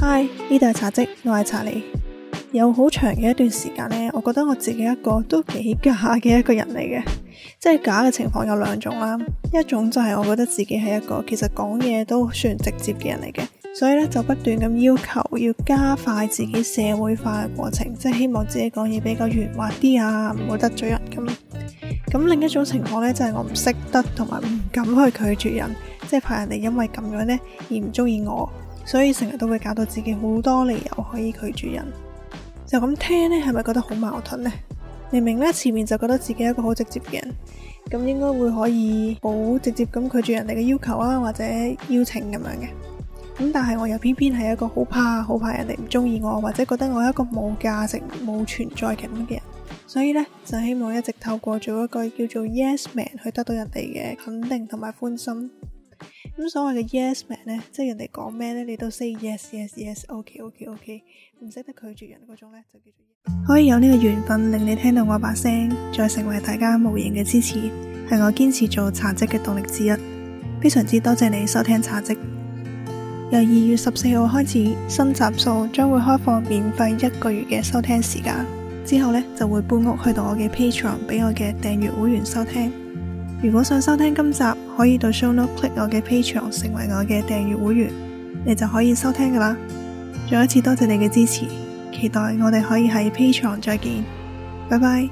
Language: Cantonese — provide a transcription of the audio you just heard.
Hi，呢度係茶嘖，我係查理。有好長嘅一段時間呢，我覺得我自己一個都幾假嘅一個人嚟嘅。即係假嘅情況有兩種啦，一種就係我覺得自己係一個其實講嘢都算直接嘅人嚟嘅，所以咧就不斷咁要求要加快自己社會化嘅過程，即係希望自己講嘢比較圓滑啲啊，唔好得罪人咁。咁另一種情況呢，就係我唔識得同埋唔敢去拒絕人，即係怕人哋因為咁樣呢而唔中意我，所以成日都會搞到自己好多理由可以拒絕人。就咁聽呢，係咪覺得好矛盾呢？明明呢，前面就覺得自己一個好直接嘅人，咁應該會可以好直接咁拒絕人哋嘅要求啊，或者邀請咁樣嘅。咁但係我又偏偏係一個好怕、好怕人哋唔中意我，或者覺得我一個冇價值、冇存在感嘅人。所以呢，就希望一直透過做一個叫做 Yes Man 去得到人哋嘅肯定同埋歡心。咁所謂嘅 Yes Man 呢，即係人哋講咩呢？你都 say yes yes yes，ok ok ok，唔識得拒絕人嗰種呢，就叫做。可以有呢個緣分令你聽到我把聲，再成為大家無形嘅支持，係我堅持做茶嘖嘅動力之一。非常之多謝你收聽茶嘖。由二月十四號開始，新集數將會開放免費一個月嘅收聽時間。之後呢，就會搬屋去到我嘅 Patreon 俾我嘅訂閱會員收聽。如果想收聽今集，可以到 show notes click 我嘅 Patreon 成為我嘅訂閱會員，你就可以收聽噶啦。再一次多謝你嘅支持，期待我哋可以喺 Patreon 再見，拜拜。